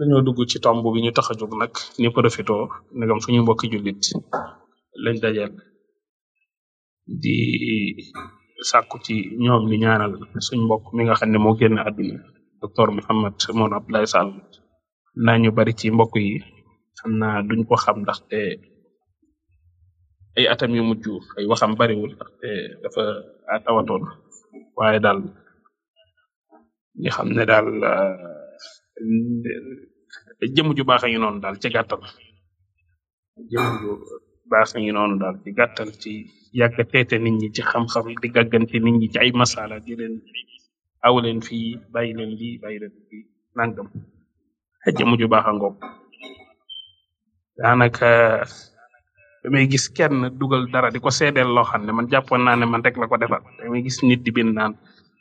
dañoo dugg ci tomb bi ñu tax a jóg nag ni profito ndegam suñu mbokki jullit lañ dajeel di sàkku ci ñoom ni ñaanal suñ mbokk mi nga xam ne moo génn àdduna docteur Mouhamed Maodo Abdoulaye Sall naa ñu bari ci mbokk yi xam naa duñ ko xam ndaxte ay atam yu ay waxam bariwul ndaxte dafa tawatoon waaye daal ñi xam ne daal jëmm ju baax a ngi noonu daal ci gàttal jëmm ju baax a ngi noonu daal ci gàttal ci yàgg teete nit ñi ci xam-xam di gàggante nit ñi ci ay masala di leen aw leen fii bàyyi leen lii bàyyi leen fii nangam jëmm ju baax a ngoog daanaka damay gis kenn dugal dara di ko seedeel loo xam ne man jàppoon naa ne man rek la ko defal damay gis nit di naan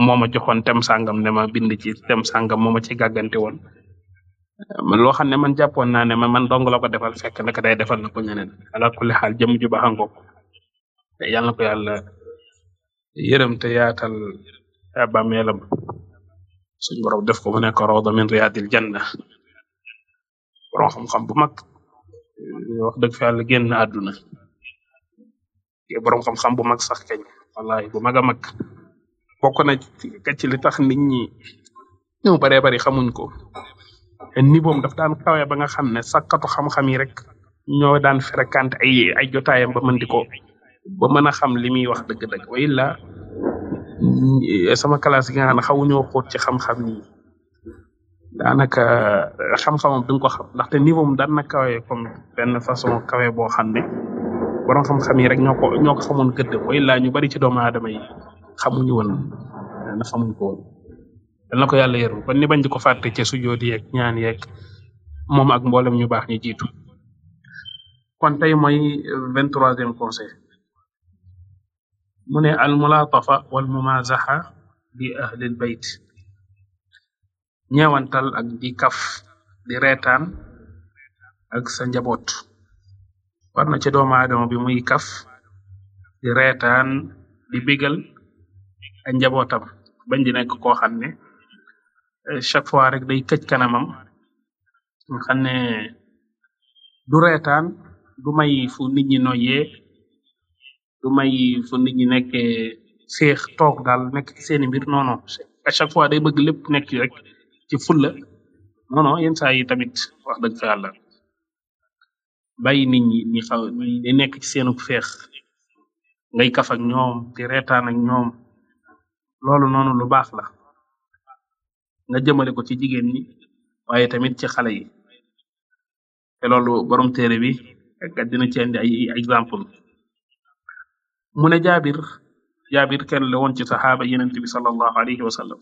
moo ma joxoon tem sangam ne ma bind ci tem sangam moo ma ci gàggante woon man loo xam ne man jàppoon naa ne ma man dong la defal fekk naka day defal na ko ñeneen ala kulli xaal jëm ju baax a ngoog te yàlla na ko yàlla yërëm te yaatal bàmmeelam suñ borom def ko mu nekk a min riyaadil janna borom xam-xam bu mag wax dëgg fa àdduna borom bu mag sax keñ wallahi bu mag bokk na ci li tax nit ñi ñu baree bari xamuñ ko niveau daf daan kawe ba nga xam ne sakkatu xam-xam yi rek ñoo daan fréquenté ay ay jotaayam ba di ko ba mën a xam li muy wax dëgg sama classe yi nga xam ne ci xam-xam yi daanaka eh, xam-xamam duñ ko xam ndaxte niveau mu daan na kawe comme benn façon kawe boo xam ne borom xam-xam yi rek ñoo ko ñoo o xamoon gëdd ñu bari ci doomu aadama yi xamuñu woon na xamuñ ko woon yal na ko yàlla yërëm kon ni bañ ko fàtte ca sujood yeeg ñaan yeeg moom ak mboolem ñu baax ñu jiitu kon tey mooy vingt troisième conseil mu ne al mulaatafa wal mumazaxa bi ahlil bayt ñeewantal ak di kaf di reetaan ak sa war na ci doomu aadama bi muy di reetaan di bégal ak njabootam bañ di nekk koo xam ne eh, chaque fois rek day këj kanamam nga xam ne du reetaan du may fu nit ñi noyyee du may fu nit ñi nekkee féex toog daal nekk ci seeni mbir non chaque fois day bëgg lépp nekk rek ci fulla non non yenn yi tamit wax dëgg nekk ci seenu feex ngay kaf ak ñoom di reetaan ak ñoom loolu noonu lu baax la nga jëmale ko ci jigéen ñi waaye tamit ci xale yi te loolu borom téere bi ak dina ci indi ay exemple mu ne jaabir jaabir kenn la woon ci saxaaba yenent bi sallallahu alayhi wa sallam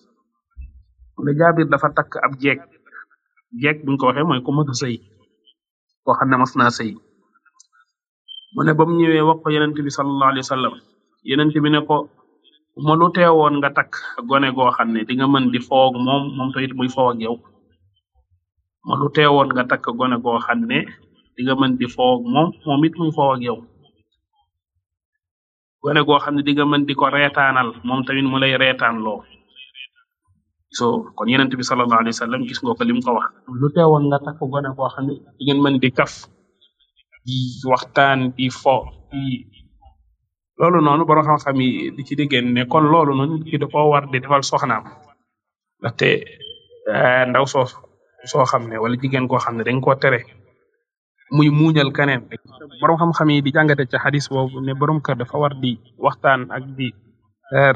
jaabir dafa takk ab jeeg jeeg buñ ko waxee mooy ku mën a sëy koo xam ne mas sëy mu ne ba mu ñëwee wax bi sallallahu alayhi wa sallam yenent bi ne ko mënu teewoon nga takk gone goo xam ne di nga mën di foo ak moom moom tamit muy foo ak yow mënu teewoon nga takk gone goo xam ne di nga mën di foo ak moom moom it muy foo ak yow gone goo xam ne di nga mën di ko reetaanal moom tamit mu lay reetaan loo so kon yenent bi sallallahu alayhi wa sallam gis nga ko li mu ko wax lu teewoon nga gone goo xam ne di ngeen di kaf di waxtaan fo di loolu noonu borom xam-xam yi di ci diggéen ne kon loolu noonu ki da koo war di defal soxnaam ndaxte eh, ndaw soo soo xam ne wala jigéen koo xam ne dañ koo tere muy muuñal keneen borom xam-xam yi di jàngate ci xadis boobu ne borom kër dafa war di waxtaan ak di eh,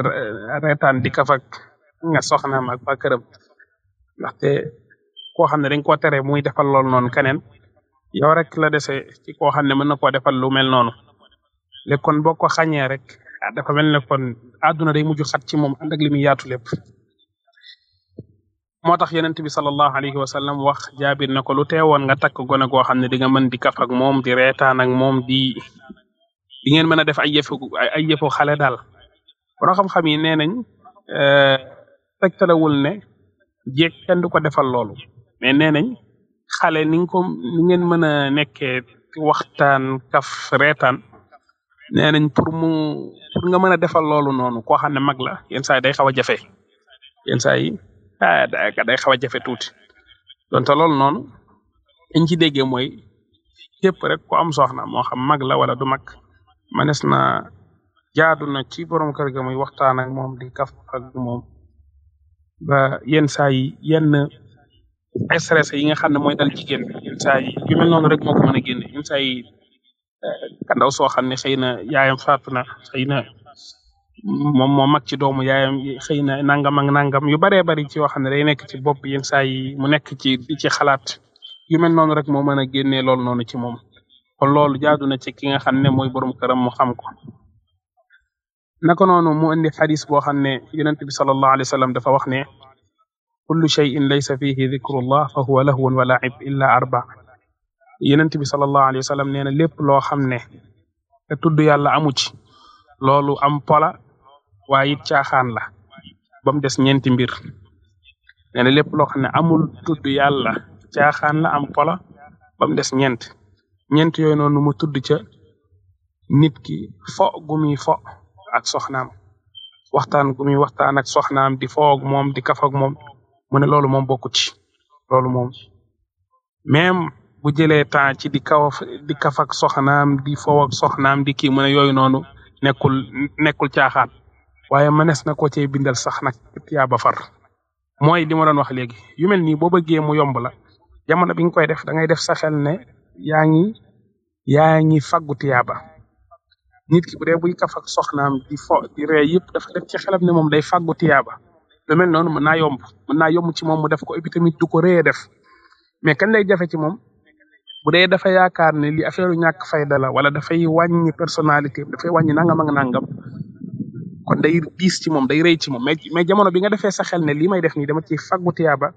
reetaan di kafak nga soxnaam ak waa këram ndaxte koo xam ne dañ koo tere muy defal loolu noonu keneen yow rek la dese ci koo xam ne mën na koo defal lu mel noonu léegi kon boo ko xàññee rek ah, dafa mel ne kon àdduna day mujj xat ci moom ànd ak li muy yaatu lépp moo tax yonent bi sallallahu alayhi wa sallam wax jaabir na ko lu teewoon nga takk gone goo xam ne di nga mën di kaf ak moom di reetaan ak moom di di ngeen mën a def ay yëfu ay yëfu xale daal borom xam-xam yi nee nañ eh, tegtalawul ne jéeg kenn du ko defal loolu mais xale ni nga ko ni ngeen mën a nekkee waxtaan kaf reetaan nee nañ pour mu pour nga mën a defal loolu noonu koo xam ne mag la yenn saa yi day xaw a jafe yenn saa yi ah day xaw a jafe tuuti donte loolu noonu liñ ci déggee mooy képp rek ku am soxna moo xam mag la wala du mag manes na jaadu na ci borom kër ga muy waxtaan ak moom di kaf ak moom ba yenn saa yi yenn stress yi nga xam ne mooy dal jigéen yenn rek moo ko mën a génne Eh, ndaw soo xam ne xëy na yaayam faatu na xëy na moom moo mag ci doomu yaayam xëy na nangam ak nangam yu baree bari ci yoo ne day nekk ci bopp yenn saa yi mu nekk ci ci xalaat yu mel noonu rek moo mën a génnee loolu noonu ci moom kon loolu jaadu na ci ki nga xam ne mooy borom këram mu xam ko. naka noonu mu indi xadis boo xam ne yonent bi sallallahu alayhi wa dafa wax ne kullu shay'in laysa fihi dhikrullah fa huwa lahwun wa arba' yenent bi sallallahu alayhi wa sallam nee na lépp loo xam ne te tudd yàlla amu ci loolu am pola waaye it caaxaan la ba des ñeenti mbir nee na lépp loo xam ne amul tudd yàlla caaxaan la am pola ba mu des ñeent ñeent yooyu noonu mu tudd ca nit ki fo gu fo ak soxnaam waxtaan gu muy waxtaan ak soxnaam di foog moom di kaf ak moom mu ne loolu moom bokku ci bu jëlee temps ci di kaw di kaf ak soxnaam di fow ak soxnaam di kii mu ne yooyu noonu nekkul nekkul caaxaan waaye mënees na ko cee bindal sax nag yaa ba far mooy li ma doon wax léegi yu mel nii boo bëggee mu yomb la jamono bi nga koy def da ngay def sa xel ne yaa ngi yaa ngi faggu tiyaaba nit ki bu dee buy kaf ak soxnaam di fo di yëpp dafa def ci xelam moom day faggu tiyaaba lu mel noonu mën naa yomb mën naa yomb ci moom mu def ko et puis tamit du ko ree def mais kañ jafe ci moom bu dee dafa yaakaar ne li affaire ñàkk fayda wala dafay wàññi personnalité dafay wàññi nangam ak nangam kon day diis ci moom day rey ci moom mais mais jamono bi nga defee sa xel ne lii may def nii dama ciy faggu tiyaaba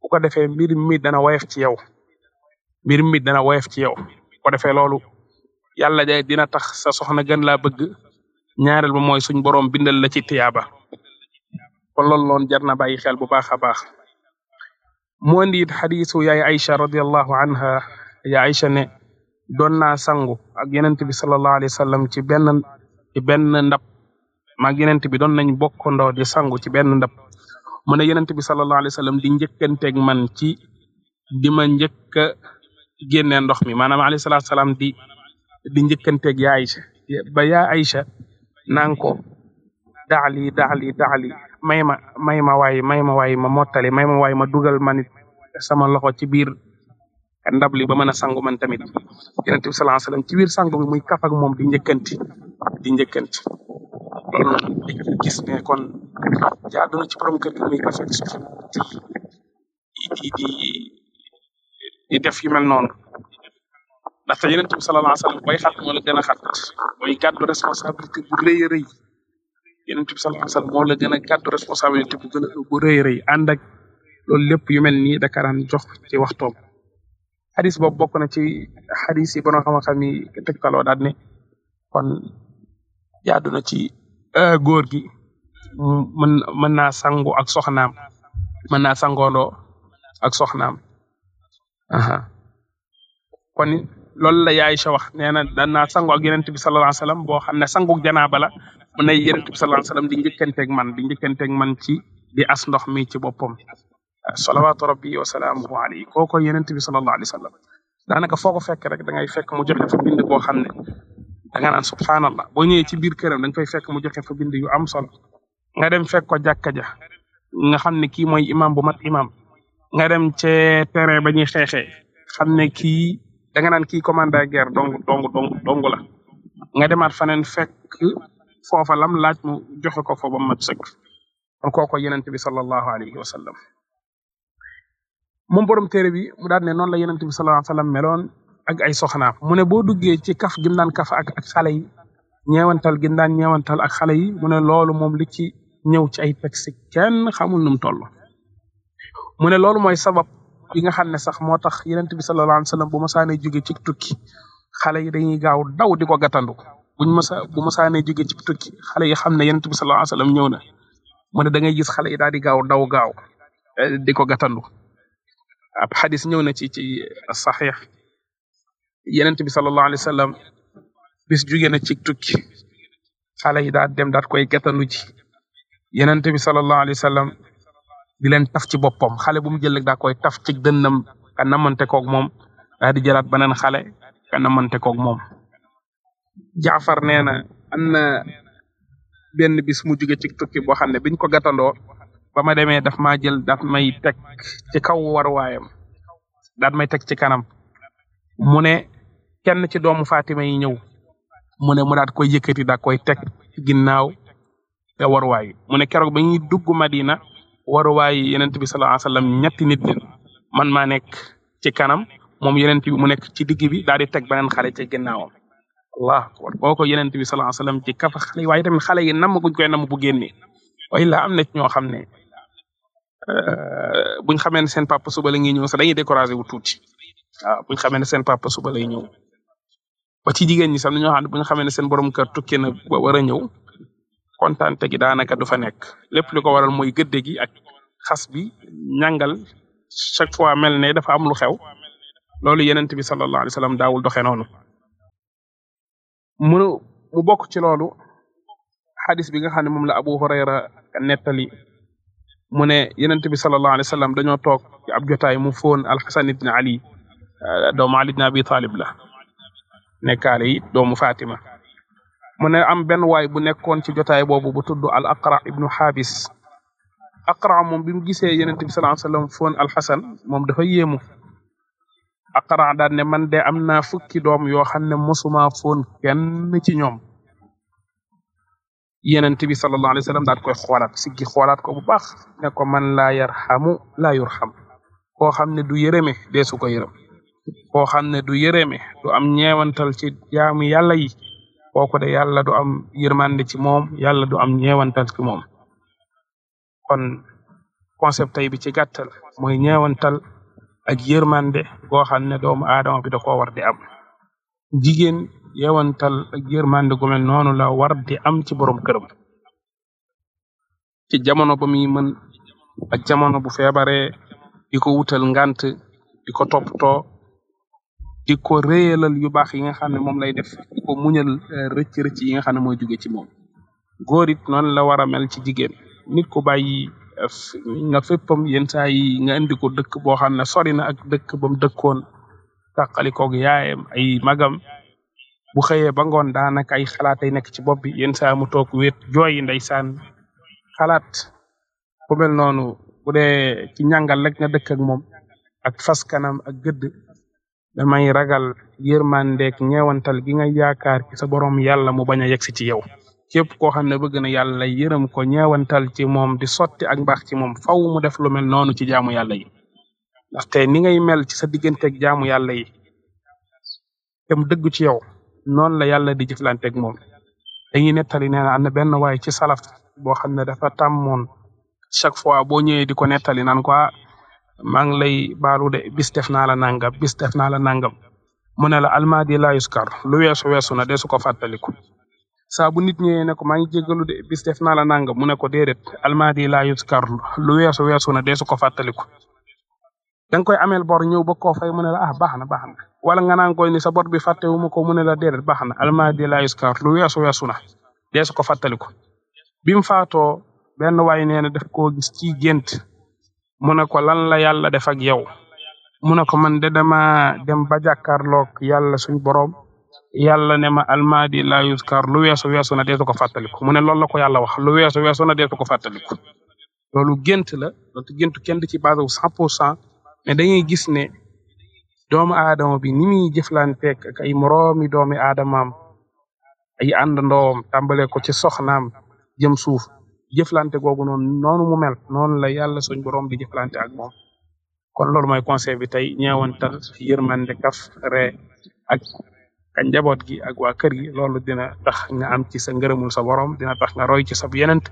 bu ko defee mbir mi dana woyof ci yow mbir mi dana woyof ci yow bu ko defee loolu yàlla day dina tax sa soxna gën laa bëgg ñaareel ba mooy suñ borom bindal la ci tiyaaba kon loolu loon jar na bàyyi xel bu baax a baax moo ndiit yaay Aïcha radiyallahu anha ya Aïcha ne doon naa sangu ak yenent bi sallallahu alayhi wa ci ben ci benn ndab maag yenent bi doon nañ bokkandoo di sangu ci benn ndab mu ne yenent bi sallallahu alayhi wa sallam di njëkkanteeg man ci di ma njëkk a ndox mi maanaam alayhi salaatu salaam di di njëkkanteeg ya Aïcha ba ya Aïcha naan ko may ma may ma waay may ma waay ma mottali may ma waay ma dugal manit sama loxo ci biir ndab li ba mën a sangu man tamit yonent bi sallallahu alayhi wasallam ci biir muy kaf ak moom di njëkkanti di njëkkanti loolu nag di gis ne kon jaadu na kër gi muy kaf ak di di di def yu mel noonu ndaxte yonent bi sallallahu alayhi wasallam bay xat moo la gën a bu rëy rëy yonent bi sallallahu alayhi wasallam moo la gën a bu gën bu rëy rëy ànd ak loolu lépp yu mel nii dakaraan jox ci waxtoom xadis boobu bokk na ci xadis yi bono xam-xam yi tegtaloo daal ne kon jaadu na ci euh, góor gi mën mën naa sangu ak soxnaam mën naa sangoondoo ak soxnaam aha kon loolu la yaay sa wax nee na daan naa sangu ak yonent bi sallallahu alayhi wasallam boo xam ne sangu janaaba la mu ne yonent di njëkkanteeg man di man ci di as ndox mi ci boppam salawaatu rabbi wa salaamuhu alayhi kooko yenent bi sallallahu alayhi wa sallam daanaka foo ko fekk rek da ngay fekk mu joxe fa bind boo xam ne da nga naan subhaanallah boo ñëwee ci biir këram da nga koy fekk mu joxe fa bind yu am solo nga dem fekk ko jàkka ja nga xam ne kii mooy imam bu mat imam nga dem ci terrain ba ñuy xeexee xam ne kii da nga naan kii commandant guerre dong dong dong dong la nga demaat faneen fekk foofa lam laaj mu joxe ko fa ba mat sëkk kon kooko yenent bi sallallahu alayhi wa sallam moom borom téere bi mu daal ne noonu la yonent bi sallallahu alayhi wa sallam ay soxnaam mu ne boo duggee ci kaf gim daan kaf ak ak xale yi ñeewantal gim daan ñeewantal ak xale yi mu ne loolu moom li ci ñëw ci ay texte kenn xamul nu mu toll mu ne loolu mooy sabab bi nga xam ne sax moo tax yonent bi sallallahu alayhi wa sallam bu masaane jóge ci tukki xale yi dañuy gaaw daw di ko gàttandu buñ masa bu masaane jóge ci tukki xale yi xam ne yonent bi sallallahu alayhi wa ñëw na mu ne da ngay gis xale yi daal di gaaw daw gaaw eh, di ko gàttandu ab xadis ñëw na ci ci saxiix yenent bi sallallahu alayhi wa sallam bis jóge na ci xale yi daal dem daat koy gàttandu ji yenent bi sallallahu alayhi wa sallam leen taf ci boppam xale bu mu jël rek daa koy taf ci dënnam ka namante koog moom daal di jëlaat beneen xale ka moom jaafar nee na am na benn bis mu jóge ci tukki boo xam ne biñ ko gàttandoo ba ma demee daf maa jël daat may teg ci kaw waruwaayam daat may teg ci kanam mu ne kenn ci doomu Fatima yi ñëw mu ne mu daat koy yëkkati daa koy teg ginnaaw te waruwaay mu ne keroog ba ñuy dugg Madina waruwaay yenent bi sallallahu alayhi wasallam man maa nekk ci kanam moom yenent bi mu nekk ci digg bi daal di teg beneen xale ci ginnaawam allah akbar boo ko yenent bi sallallahu alayhi ci kafa xale yi waaye tamit xale yi nam guñ koy nam bu génne waaye laa am na ci ñoo xam ne euh, buñ xamee ne seen papa suba la ñuy ñëw sax dañuy découragé wu tuuti waaw buñ xamee ne seen papa suba lay ñëw ba ci jigéen ñi sax ñoo xam ne buñ xamee ne seen borom kër tukki na ba war a ñëw kontaante gi daanaka du nekk lépp li ko waral mooy gëdde ak xas bi ñàngal chaque fois mel ne dafa am lu xew loolu yenent bi sallallahu alayhi wa sallam daawul doxe noonu mu mu bokk ci loolu xadis bi nga xam ne moom la Abu Hurayra nettali mu ne yonent bi sallallahu alayhi wa dañoo toog ci ab jotaay mu foon alxasan ibn ali euh, doomu ali ibn abi talib la nekkaale yi doomu fatima mu ne am benn waay bu nekkoon ci jotaay boobu bu tudd al aqra ibnu xaabis aqra moom bi mu gisee yonent bi sallallahu alayhi wa sallam foon alxasan moom dafa yéemu ne man de am na fukki doom yoo xam ne mosuma foon kenn ci ñoom yenent bi sallallahu alayhi wa sallam daal koy xoolaat siggi xoolaat ko bu baax ne ko man laa yarxamu laa xam koo xam ne du yërëme deesu ko yërëm koo xam ne du yërëme du am ñeewantal ci jaamu yàlla yi kooku de yàlla du am yërmande ci moom yàlla du am ñeewantal ci moom kon concept tey bi ci gàttal mooy ñeewantal ak yërmande goo xam ne doomu aadama bi da koo war am jigéen yewantal ak yërmande gu mel noonu la war di am ci borom këram ci jamono ba muy mën ak jamono bu feebaree di ko wutal ngant di ko toppatoo di ko réyalal yu baax yi nga xam ne moom lay def di ko muñal euh, rëcc rëcc yi nga xam ne mooy jóge ci góor it noonu la war a mel ci jigéen nit ku bàyyi euh, nga féppam yenn saa yi nga indi ko dëkk boo xam ne sori na ak dëkk ba mu dëkkoon tàqalikoog yaayam magam bu xëyee ba ngoon daanaka ay xalaat ay nekk ci bopp bi yenn saa mu toog wéet jooyi ndeysaan xalaat ku mel noonu bu dee ci ñàngal rek nga dëkk ak moom ak fas kanam ak gëdd damay ragal yërmandeek ñeewantal gi nga yaakaar ci sa borom yàlla mu bañ a si ci yow képp koo xam ne bëgg na yàlla yërëm ko ñeewantal ci moom di sotti ak mbaax ci moom faw mu def lu mel noonu ci jaamu yàlla yi ndaxte ni ngay mel ci sa digganteeg jaamu yàlla yi dem dëgg ci yow noonu la yàlla di jëflanteeg moom dañuy nettali nee na am na benn waay ci salaf boo xam ne dafa tàmmoon chaque fois boo ñëwee di ko nettali naan ko ah, maa ngi lay baalu de bis def naa la nangam bis def naa la nangam mu ne la almaadi la yuskar lu weesu weesu na des ko fàttaliku saa bu nit ñëwee ne ko maa ngi jégalu de bis def naa la nangam mu ne ko déedéet almaadi la yuskar lu weesu weesu na de ko fàttaliku da koy ameel bor ñëw ba koo fay la ah baax na baax na wala nga naan koy ni sa bor bi fàttewu ma ko mu ne la déedéet baax na almaadi laa yuskar lu weesu weesu na deesu ko fàttaliku bi mu faatoo benn waay nee na daf koo gis ci gént mu ne ko lan la yàlla def ak yow mu ne ko man de dama dem ba jàkkaarloog yàlla suñ boroom yàlla ne ma almaadi laa yuskar lu weesu weesu na deesu ko fàttaliku mu ne loolu la ko yàlla wax lu weesu na deesu ko fàttaliku loolu gént la loolu gént kenn du ci base wu cent pour cent mais doomu aadama bi ni muy jëflanteeg ak ay moroomi doomi aadamaam ay àndandoom tàmbale ko ci soxnaam jëm suuf jëflante googu noonu noonu mu mel noonu la yàlla suñ boroom di jëflante ak moom kon loolu mooy conseil bi tey ñeewantal yërmande kaf ree ak ka njaboot gi ak waa kër gi loolu dina tax nga am ci sa ngërëmul sa boroom dina tax nga roy ci sa yenent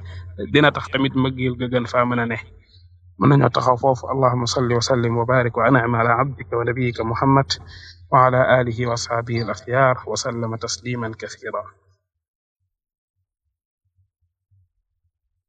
dina tax tamit mbëggeel ga gën faa mën a ne mën nañoo taxaw foofu allahuma salli wa sallim wa barik wa an'im ala abdika wa nabiyika muhammad wa ala alihi wa ashabihi al axyar wa sallama tasliman kathira